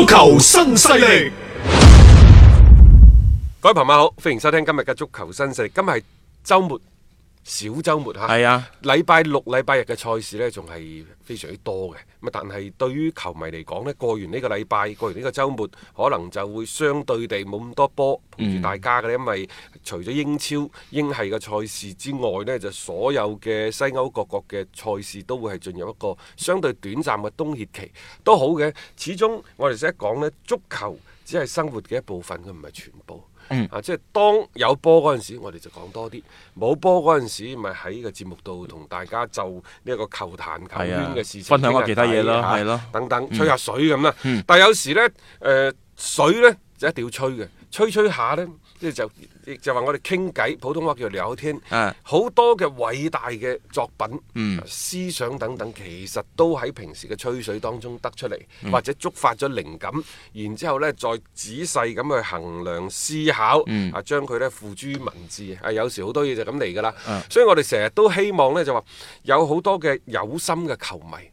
足球新勢力，各位朋友好，歡迎收聽今日嘅足球新勢力。今日係周末。小周末吓，係啊，禮拜六、禮拜日嘅賽事呢，仲係非常之多嘅。咁但係對於球迷嚟講呢，過完呢個禮拜，過完呢個周末，可能就會相對地冇咁多波陪住大家嘅，嗯、因為除咗英超、英系嘅賽事之外呢，就所有嘅西歐各國嘅賽事都會係進入一個相對短暫嘅冬歇期。都好嘅，始終我哋成日講呢，足球只係生活嘅一部分，佢唔係全部。嗯、啊，即係當有波嗰陣時，我哋就講多啲；冇波嗰陣時，咪喺個節目度同大家就呢個球壇球圈嘅事情，啊、分享下其他嘢咯，係咯，啊啊、等等吹下水咁啦。嗯、但係有時咧，誒、呃。水呢，就一定要吹嘅，吹吹下呢，即係就亦就話我哋傾偈，普通話叫聊天。好、uh, 多嘅偉大嘅作品、嗯、思想等等，其實都喺平時嘅吹水當中得出嚟，嗯、或者觸發咗靈感，然之後呢，再仔細咁去衡量思考，啊將佢呢付諸於文字。啊有時好多嘢就咁嚟㗎啦，嗯、所以我哋成日都希望呢，就話有好多嘅有心嘅球迷。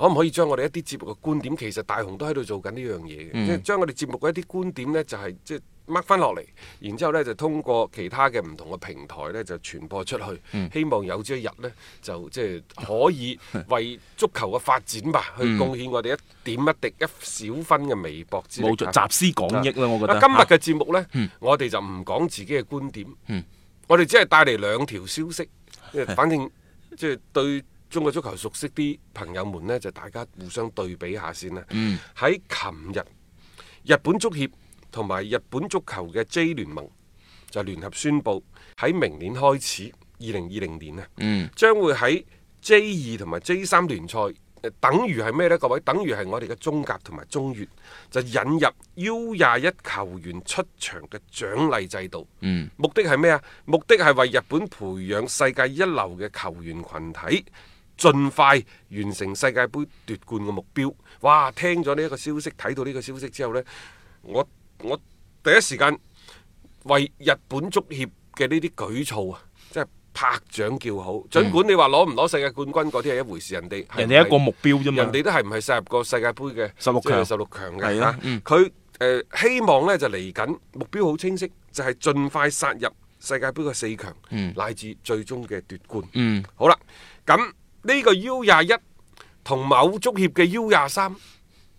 可唔可以將我哋一啲節目嘅觀點，其實大雄都喺度做緊呢樣嘢嘅，即係將我哋節目嘅一啲觀點呢，就係即係掹翻落嚟，然之後呢，就通過其他嘅唔同嘅平台呢，就傳播出去，希望有朝一日呢，就即係可以為足球嘅發展吧，去貢獻我哋一點一滴一小分嘅微薄之力。冇錯，集思廣益啦，我覺得。今日嘅節目呢，我哋就唔講自己嘅觀點，我哋只係帶嚟兩條消息，即係反正即係對中國足球熟悉啲朋友們咧，就大家互相對比下先啦。嗯、喺琴日，日本足協同埋日本足球嘅 J 聯盟就聯合宣布，喺明年開始，二零二零年啊，嗯、將會喺 J 二同埋 J 三聯賽，等於係咩呢？各位，等於係我哋嘅中甲同埋中乙，就引入 U 廿一球員出場嘅獎勵制度。嗯、目的係咩啊？目的係為日本培養世界一流嘅球員群體。盡快完成世界杯奪冠嘅目標。哇！聽咗呢一個消息，睇到呢個消息之後呢，我我第一時間為日本足協嘅呢啲舉措啊，即係拍掌叫好。盡管你話攞唔攞世界冠軍嗰啲係一回事，人哋人哋一個目標啫嘛，人哋都係唔係殺入過世界杯嘅十六強，十六強嘅係啦。佢誒希望呢就嚟緊，目標好清晰，就係盡快殺入世界杯嘅四強，乃至最終嘅奪冠。嗯，好啦，咁。呢個 U 廿一同某足協嘅 U 廿三，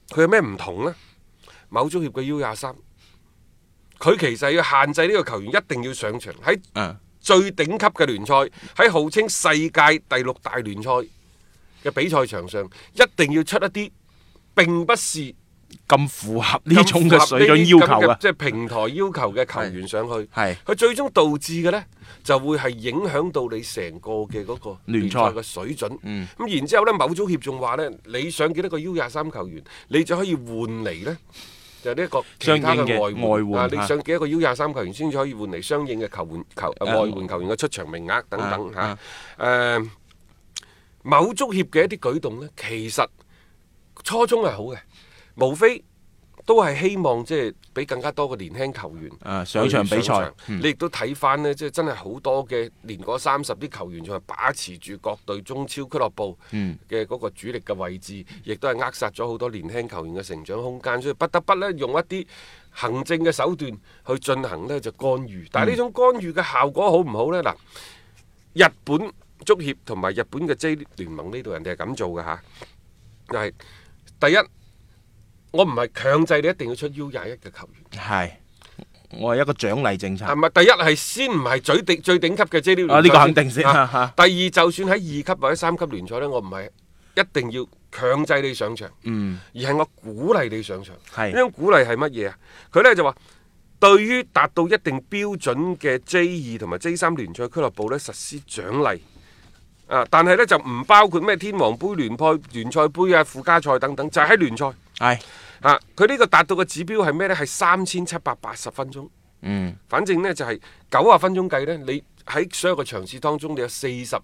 佢有咩唔同呢？某足協嘅 U 廿三，佢其實要限制呢個球員一定要上場喺最頂級嘅聯賽，喺號稱世界第六大聯賽嘅比賽場上，一定要出一啲，並不是。咁符合呢種嘅水準要求即係、就是、平台要求嘅球員上去，係佢最終導致嘅呢，就會係影響到你成個嘅嗰個聯賽嘅水準。咁、嗯、然之後呢，某足協仲話呢，你上幾多個 U 廿三球員，你就可以換嚟呢，就呢一個其他嘅外援，外援啊、你上幾多個 U 廿三球員先至可以換嚟相應嘅球援球、呃呃、外援球員嘅出場名額等等吓？誒、呃呃呃，某足協嘅一啲舉動呢，其實初衷係好嘅。無非都係希望，即係俾更加多嘅年輕球員。誒、啊，上場比賽，場嗯、你亦都睇翻呢，即係真係好多嘅年過三十啲球員，仲係把持住各隊中超俱樂部嘅嗰個主力嘅位置，亦都係扼殺咗好多年輕球員嘅成長空間，所以不得不呢，用一啲行政嘅手段去進行呢就干預。但係呢種干預嘅效果好唔好呢？嗱，嗯、日本足協同埋日本嘅 J 聯盟呢度人哋係咁做嘅吓，係第一。我唔係強制你一定要出 U 廿一嘅球員，係我係一個獎勵政策。唔，第一係先唔係最頂最頂級嘅 J 聯啊，呢、這個肯定先。啊、第二就算喺二級或者三級聯賽呢，我唔係一定要強制你上場，嗯，而係我鼓勵你上場。呢個是鼓勵係乜嘢啊？佢呢就話對於達到一定標準嘅 J 二同埋 J 三聯賽俱樂部呢實施獎勵啊，但係呢就唔包括咩天皇杯聯賽、聯賽杯啊、附加賽等等，就係喺聯賽。係 Hi. 啊，佢呢個達到嘅指標係咩咧？係三千七百八十分鐘。嗯，反正呢，就係九十分鐘計呢，你喺所有嘅場次當中，你有四十二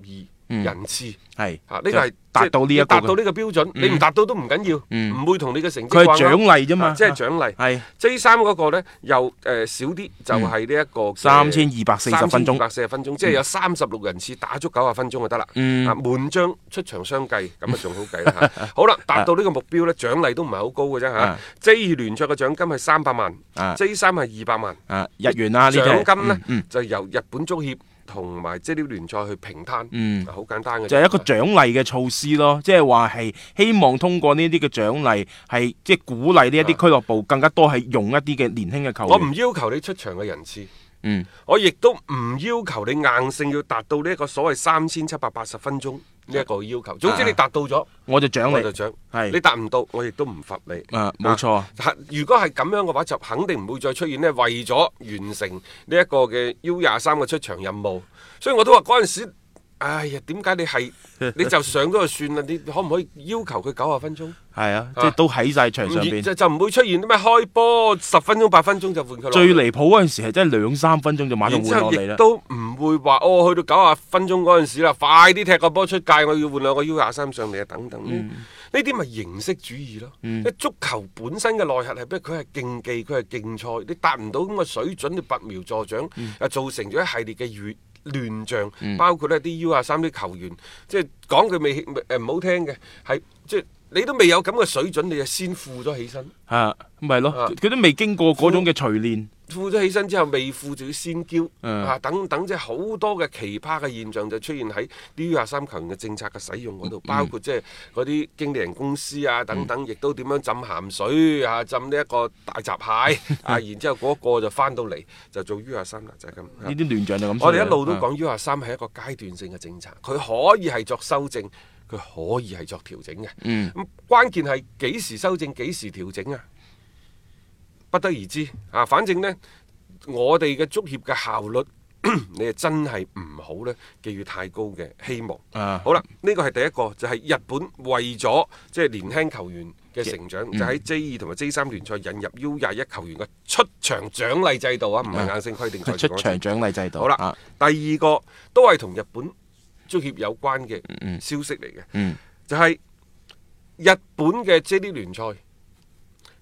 人次係吓呢個係達到呢一個，達到呢個標準，你唔達到都唔緊要，唔會同你嘅成績掛鈎。佢係獎勵啫嘛，即係獎勵。係 J 三嗰個呢又誒少啲，就係呢一個三千二百四十分鐘，百四十分鐘，即係有三十六人次打足九十分鐘就得啦。嗯，門將出場相計，咁啊仲好計啦吓。好啦，達到呢個目標呢，獎勵都唔係好高嘅啫吓。J 二聯賽嘅獎金係三百萬，J 三係二百萬。日元啊呢獎金呢，就由日本足協。同埋即係啲聯賽去平攤，嗯，好簡單嘅，就係一個獎勵嘅措施咯，即係話係希望通過呢啲嘅獎勵，係即係鼓勵呢一啲俱樂部更加多係用一啲嘅年輕嘅球員。我唔要求你出場嘅人次，嗯，我亦都唔要求你硬性要達到呢一個所謂三千七百八十分鐘。呢一個要求，總之你達到咗，啊，我就獎你。我就獎，是你達唔到，我亦都唔罰你。啊，冇錯，啊。如果係咁樣嘅話，就肯定唔會再出現呢。為咗完成呢一個嘅 U 廿三嘅出場任務，所以我都話嗰陣時。哎呀，點解你係你就上嗰就算啦？你可唔可以要求佢九十分鐘？係 啊，即係都喺晒場上邊、啊，就唔會出現啲咩開波十分鐘、八分鐘就換佢。最離譜嗰陣時係真係兩三分鐘就馬上換落嚟啦。後都唔會話哦，去到九啊分鐘嗰陣時啦，快啲踢個波出界，我要換兩個 U 廿三上嚟啊等等。呢啲咪形式主義咯。嗯、足球本身嘅內核係咩？佢係競技，佢係競賽。你達唔到咁嘅水準，你拔苗助長啊，嗯、又造成咗一系列嘅怨亂象，包括呢啲 U23 啲球員，嗯、即係講佢未，誒唔好聽嘅，係即係你都未有咁嘅水準，你就先富咗起身，嚇、啊、咪、就、咯、是、佢、啊、都未經過嗰種嘅錘鍊。嗯富咗起身之後，未富仲要先嬌啊！等等，即係好多嘅奇葩嘅現象就出現喺 U23 球員嘅政策嘅使用嗰度，包括即係嗰啲經理人公司啊等等，亦都點樣浸鹹水啊？浸呢一個大閘蟹啊！然之後嗰個就翻到嚟就做 U23 啦，就係咁。呢啲亂象就咁。我哋一路都講 U23 係一個階段性嘅政策，佢可以係作修正，佢可以係作調整嘅。咁關鍵係幾時修正，幾時調整啊？不得而知啊！反正呢，我哋嘅足協嘅效率， 你係真係唔好呢，寄予太高嘅希望。啊、好啦，呢、呢個係第一個，就係、係、日本為咗即係年輕球員嘅成長，嗯、就喺 J 二同埋 J 三聯賽引入 U 廿一球員嘅出場獎勵制度啊，唔係硬性規定出場獎勵制度。嗯啊、好啦，第二個都係同日本足協有關嘅消息嚟嘅。嗯嗯、就係日本嘅 J 聯賽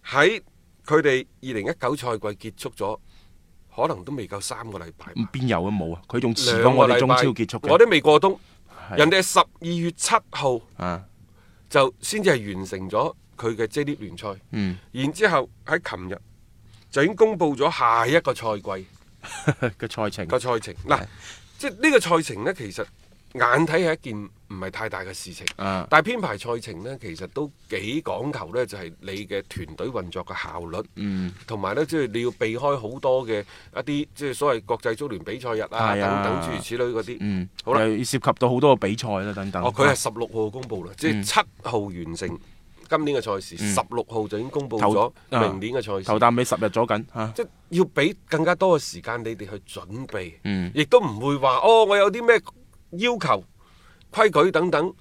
喺。佢哋二零一九賽季結束咗，可能都未夠三個禮拜。邊有啊？冇啊！佢仲遲過我哋中超結束。我都未過冬，是人哋係十二月七號、啊、就先至係完成咗佢嘅 J 聯賽。嗯、然之後喺琴日就已經公布咗下一個賽季嘅賽程。賽是個賽程嗱，即係呢個賽程呢，其實。眼睇係一件唔係太大嘅事情，啊、但係編排賽程呢，其實都幾講求呢，就係、是、你嘅團隊運作嘅效率，同埋、嗯、呢，即、就、係、是、你要避開好多嘅一啲，即、就、係、是、所謂國際足聯比賽日啊、哎、呀等等諸如此類嗰啲。嗯、好啦吧，要涉及到好多嘅比賽啦、啊，等等。哦，佢係十六號公布啦，啊、即係七號完成今年嘅賽事，十六號就已經公布咗明年嘅賽事。啊、頭啖尾十日左右，啊、即係要俾更加多嘅時間你哋去準備，亦都唔會話哦，我有啲咩？要求、規矩等等，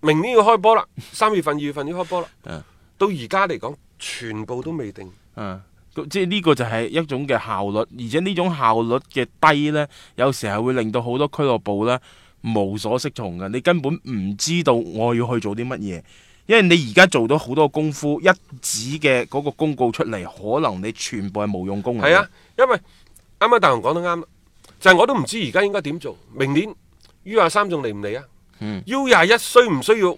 明年要開波啦，三月份、二月份要開波啦。 到而家嚟講，全部都未定。咁、啊、即係呢個就係一種嘅效率，而且呢種效率嘅低呢，有時候會令到好多俱樂部呢無所適從嘅。你根本唔知道我要去做啲乜嘢，因為你而家做咗好多功夫，一紙嘅嗰個公告出嚟，可能你全部係無用功。係啊，因為啱啱大雄講得啱，就係、是、我都唔知而家應該點做，明年。U 廿三仲嚟唔嚟啊？U 廿一需唔需要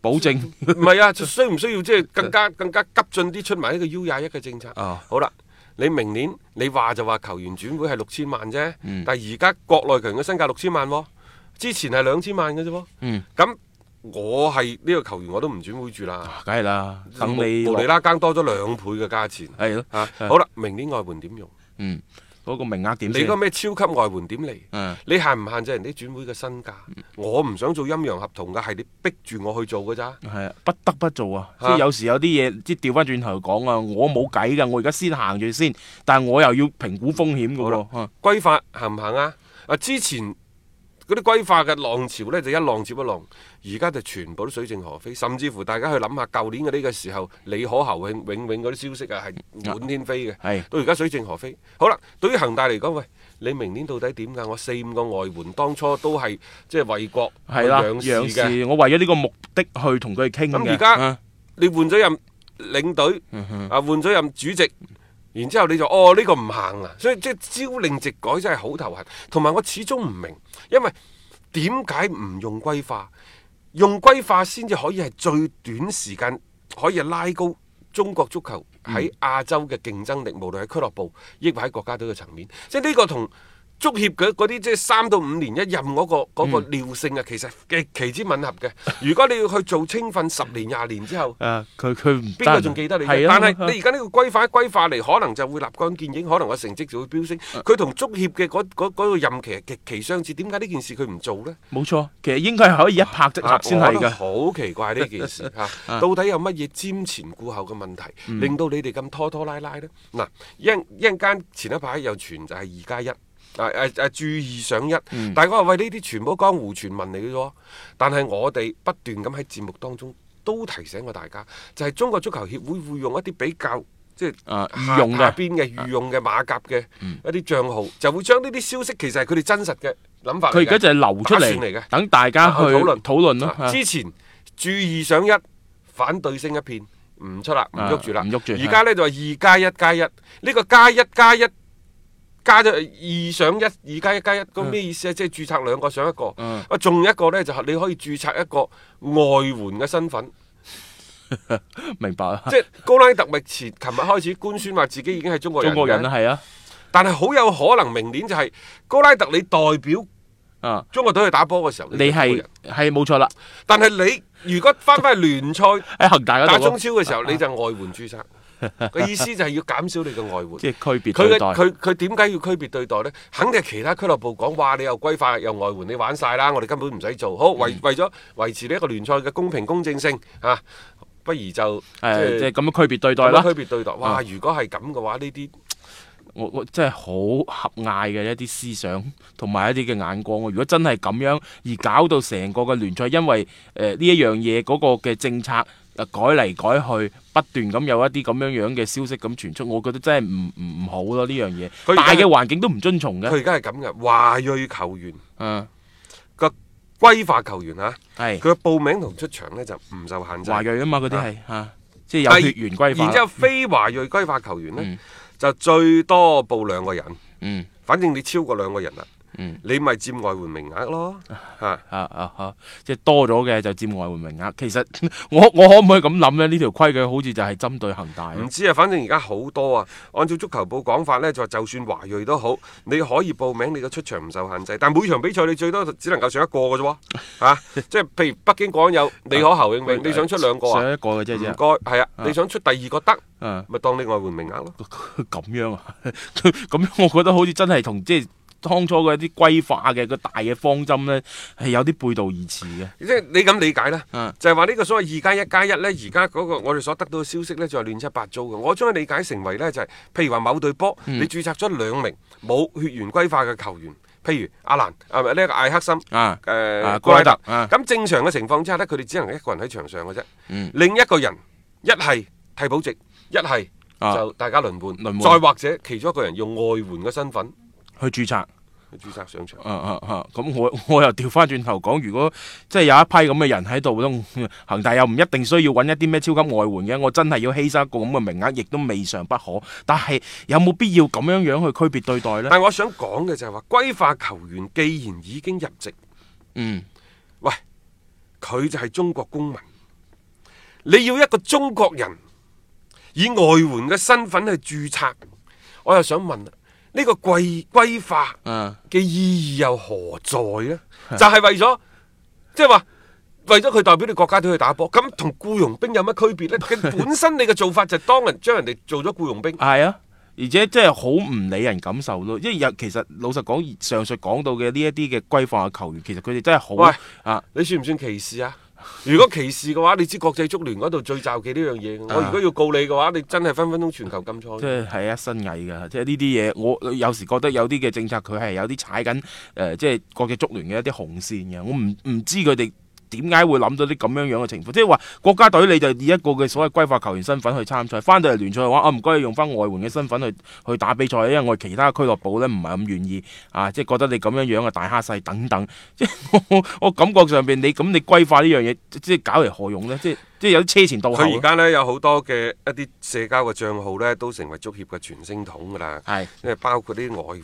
保證？唔係啊，就需唔需要即係更加更加急進啲出埋呢個 U 廿一嘅政策？哦，好啦，你明年你話就話球員轉會係六千萬啫，但係而家國內球員嘅身價六千萬，之前係兩千萬嘅啫喎。嗯，咁我係呢個球員我都唔轉會住啦。梗係啦，等你博尼啦，更多咗兩倍嘅價錢。係咯，嚇，好啦，明年外援點用？嗯。嗰個名額點？你嗰咩超級外援點嚟？啊、你限唔限制人啲轉會嘅身價？我唔想做陰陽合同㗎，係你逼住我去做㗎咋？係啊，不得不做啊！啊即係有時有啲嘢，即係調翻轉頭嚟講啊，我冇計㗎，我而家先行住先，但係我又要評估風險嘅喎、啊。規、嗯啊、法行唔行啊？啊，之前。嗰啲歸化嘅浪潮咧，就一浪接一浪。而家就全部都水漲河飛，甚至乎大家去諗下舊年嘅呢個時候，李可侯永永嗰啲消息啊，係滿天飛嘅。係、啊、到而家水漲河飛。好啦，對於恒大嚟講，喂，你明年到底點㗎？我四五個外援當初都係即係為國係啦，啊、仰視仰視。我為咗呢個目的去同佢哋傾。咁而家你換咗任領隊，啊、嗯哼，換咗任主席。然之後你就哦，呢個唔行啊，所以即係朝令夕改真係好頭痕。同埋我始終唔明，因為點解唔用歸化？用歸化先至可以係最短時間可以拉高中國足球喺亞洲嘅競爭力，嗯、無論喺俱樂部亦或喺國家隊嘅層面，即係呢個同足協嘅嗰啲即係三到五年一任嗰個嗰個尿性啊，其實極其之吻合嘅。如果你要去做青訓十年廿年之後，啊，佢佢唔邊個仲記得你？但係你而家呢個歸化歸化嚟，可能就會立竿見影，可能個成績就會飆升。佢同足協嘅嗰嗰嗰個任期係極其相似。點解呢件事佢唔做咧？冇錯，其實應該係可以一拍即合先係㗎。好奇怪呢件事嚇，到底有乜嘢瞻前顧後嘅問題，令到你哋咁拖拖拉拉咧？嗱，一一陣間前一排又傳就係二加一。誒誒誒，注意上一，但係我話喂，呢啲全部江湖傳聞嚟嘅喎。但係我哋不斷咁喺節目當中都提醒過大家，就係中國足球協會會用一啲比較即係御用入邊嘅御用嘅馬甲嘅一啲帳號，就會將呢啲消息其實係佢哋真實嘅諗法。佢而家就係流出嚟嚟嘅，等大家去討論討論咯。之前注意上一，反對聲一片，唔出啦，唔喐住啦，唔喐住。而家呢就話二加一加一，呢個加一加一。加咗二上一，二加一加一，咁咩意思咧？嗯、即係注冊兩個上一個，啊、嗯，仲一個咧就係你可以注冊一個外援嘅身份。 明白啊了！即係高拉特，目前琴日開始官宣話自己已經係中國人。中國人係啊，但係好有可能明年就係高拉特，你代表啊中國隊去打波嘅時候，啊、你係係冇錯啦。錯，但係你如果翻翻去聯賽喺恒大打中超嘅時候，啊、你就外援注冊。個意思就係要減少你嘅外援，即係區別對待佢，佢點解要區別對待呢？肯定係其他俱樂部講，哇！你又歸化又外援，你玩曬啦，我哋根本唔使做。好，為為咗維持呢一個聯賽嘅公平公正性，嚇，不如就誒即係咁樣區別對待咯。區別對待，哇！如果係咁嘅話，呢啲我我真係好狹隘嘅一啲思想同埋一啲嘅眼光。如果真係咁樣而搞到成個嘅聯賽，因為誒呢一樣嘢嗰個嘅政策。改嚟改去，不斷咁有一啲咁樣樣嘅消息咁傳出，我覺得真係唔唔好咯呢樣嘢，佢大嘅環境都唔遵從嘅。佢而家係咁嘅華裔球員，嗯、啊，個歸化球員啊，係是，佢嘅報名同出場呢就唔受限制。華裔啊嘛，嗰啲係即係有血緣歸化。然之後非華裔歸化球員呢，嗯、就最多報兩個人，嗯，嗯反正你超過兩個人啦。嗯、你咪佔外援名額咯，係啊啊吓、啊啊，即係多咗嘅就佔外援名額。其實我我可唔可以咁諗咧？呢條規矩好似就係針對恒大。唔知啊，反正而家好多啊。按照足球報講法咧，就就算華裔都好，你可以報名，你嘅出場唔受限制，但係每場比賽你最多只能夠上一個嘅啫喎。即係譬如北京國安有李可，你侯永永， 你想出兩個啊？上一個嘅啫，唔該個，係啊，啊，你想出第二個得，咪當你外援名額咯。咁 樣啊？咁樣我覺得好似真係同即係。當初嘅一啲歸化嘅個大嘅方針呢，係有啲背道而馳嘅。即係你咁理解啦， 就係話呢個所謂二加一加一呢，而家嗰個我哋所得到嘅消息呢，就係、是、亂七八糟嘅。我將佢理解成為呢，就係、是、譬如話某隊波，你註冊咗兩名冇血緣歸化嘅球員，譬、嗯、如阿蘭，係咪呢個艾克森？啊，誒，高拉特。咁、啊、正常嘅情況之下呢，佢哋只能一個人喺場上嘅啫。嗯嗯、另一個人，一係替補席，一係就大家輪換。啊啊、再或者其中一個人用外援嘅身份，去註冊，去註冊上場。咁我、啊啊啊啊、我又調翻轉頭講，如果即係有一批咁嘅人喺度，恒大又唔一定需要揾一啲咩超級外援嘅。我真係要犧牲一個咁嘅名額，亦都未嘗不可。但係有冇必要咁樣樣去區別對待呢？但係我想講嘅就係話，歸化球員既然已經入籍，嗯，喂，佢就係中國公民。你要一個中國人以外援嘅身份去註冊，我又想問呢個貴歸化嘅意義又何在咧？就係、是、為咗，即係話為咗佢代表你國家隊去打波，咁同僱傭兵有乜區別咧？本身你嘅做法就係當人將人哋做咗僱傭兵，係 啊，而且即係好唔理人感受咯。即係其實老實講，上述講到嘅呢一啲嘅歸化嘅球員，其實佢哋真係好喂啊。你算唔算歧視啊？如果歧視嘅話，你知國際足聯嗰度最罩忌呢樣嘢。啊、我如果要告你嘅話，你真係分分鐘全球禁賽。即係係啊，一身蟻㗎，即係呢啲嘢，我有時覺得有啲嘅政策，佢係有啲踩緊誒、呃，即係國際足聯嘅一啲紅線嘅。我唔唔知佢哋。點解會諗到啲咁樣樣嘅情況？即係話國家隊你就以一個嘅所謂歸化球員身份去參賽，翻到嚟聯賽嘅話，啊唔該用翻外援嘅身份去去打比賽，因為我其他俱樂部呢，唔係咁願意啊，即係覺得你咁樣樣嘅大蝦細等等，即係我，我感覺上邊你咁你歸化呢樣嘢，即係搞嚟何用呢？即係。即係有啲車前到後。佢而家呢有好多嘅一啲社交嘅帳號呢都成為足協嘅傳聲筒㗎啦。係是，因為包括啲外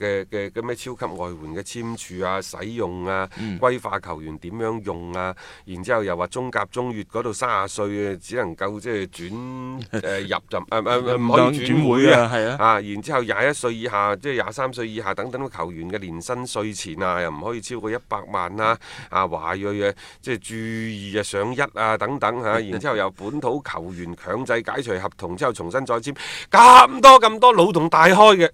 援嘅嘅咩超級外援嘅簽署啊、使用啊、歸、嗯、化球員點樣用啊，然之後又話中甲中、中乙嗰度三十歲只能夠即係、就是、轉誒 入陣唔、呃、可以轉會啊。 啊然之後廿一歲以下，即係廿三歲以下等等嘅球員嘅年薪稅前啊，又唔可以超過一百萬啦、啊。啊，華裔、就是、一一啊，即係注意啊，上一啊等等。啊、然之後由本土球員強制解除合同之後重新再簽，咁多咁多腦洞大開嘅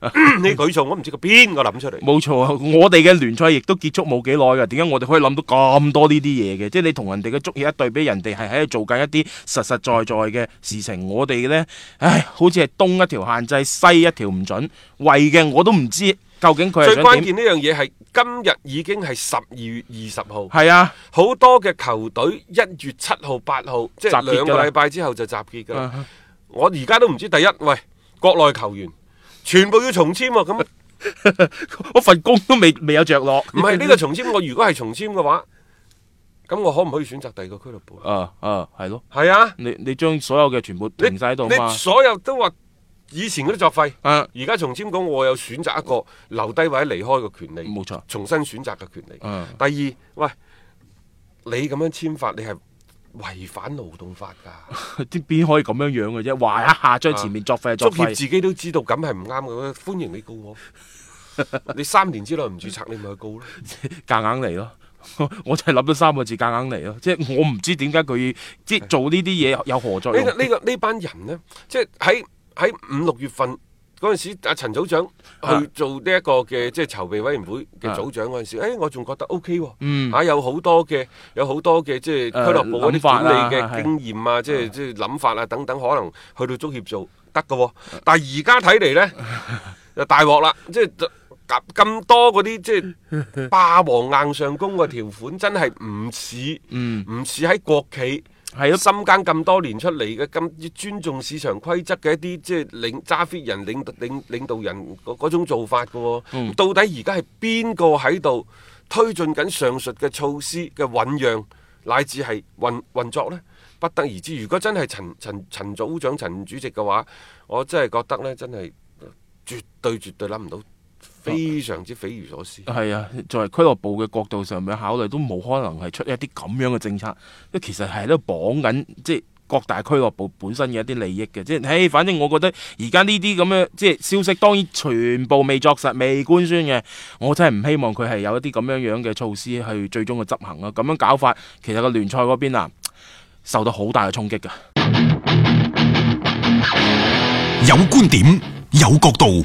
呢 舉措，我唔知佢邊 個諗出嚟。冇錯，我哋嘅聯賽亦都結束冇幾耐噶，點解我哋可以諗到咁多呢啲嘢嘅？即係你同人哋嘅足協一對比，人哋係喺度做緊一啲實實在在嘅事情，我哋呢，唉，好似係東一條限制，西一條唔准，為嘅我都唔知。究竟佢最關鍵呢樣嘢係今日已經係十二月二十號，係啊，好多嘅球隊一月七號、八號即係兩個禮拜之後就集結噶啦。結，我而家都唔知第一喂，國內球員全部要重簽啊，咁 我份工都未未有着落。唔係呢個重簽，我如果係重簽嘅話，咁我可唔可以選擇第二個俱樂部啊？啊啊，係咯，係啊，你你將所有嘅全部停晒喺度嘛？你你所有都話。以前嗰啲作廢，而家重簽講，我有選擇一個留低或者離開嘅權利，冇錯，重新選擇嘅權利。第二，喂，你咁樣簽法，你係違反勞動法㗎？邊可以咁樣樣嘅啫？話！一下將前面作廢作廢，自己都知道咁係唔啱嘅，歡迎你告我。你三年之內唔註冊，你咪去告咯，夾硬嚟咯。我真係諗咗三個字，夾硬嚟咯。即係我唔知點解佢即係做呢啲嘢有何作用？呢個呢班人呢？即係喺。喺五六月份嗰陣時，阿陳組長去做呢一個嘅即係籌備委員會嘅組長嗰陣時的、哎，我仲覺得 O K 喎，嚇有好多嘅有好多嘅即係俱樂部嗰啲管理嘅經驗啊，呃、啊即係即係諗法啊等等，可能去到足協做得㗎、啊，但係而家睇嚟咧就大鑊啦，即係咁咁多嗰啲即係霸王硬上弓嘅條款，真係唔似，唔似喺國企。係啊，深耕咁多年出嚟嘅，咁尊重市場規則嘅一啲即係領揸 fit 人領領領導人嗰種做法嘅喎、哦。嗯、到底而家係邊個喺度推進緊上述嘅措施嘅醞釀，乃至係運運作呢？不得而知。如果真係陳陳陳組長、陳主席嘅話，我真係覺得呢，真係絕對絕對諗唔到。非常之匪夷所思。係啊，作為俱樂部嘅角度上面考慮，都冇可能係出一啲咁樣嘅政策。即其實係喺度綁緊，即係各大俱樂部本身嘅一啲利益嘅。即係，反正我覺得而家呢啲咁樣，即係消息，當然全部未作實、未官宣嘅。我真係唔希望佢係有一啲咁樣樣嘅措施去最終嘅執行啊。咁樣搞法，其實個聯賽嗰邊啊，受到好大嘅衝擊嘅。有觀點，有角度。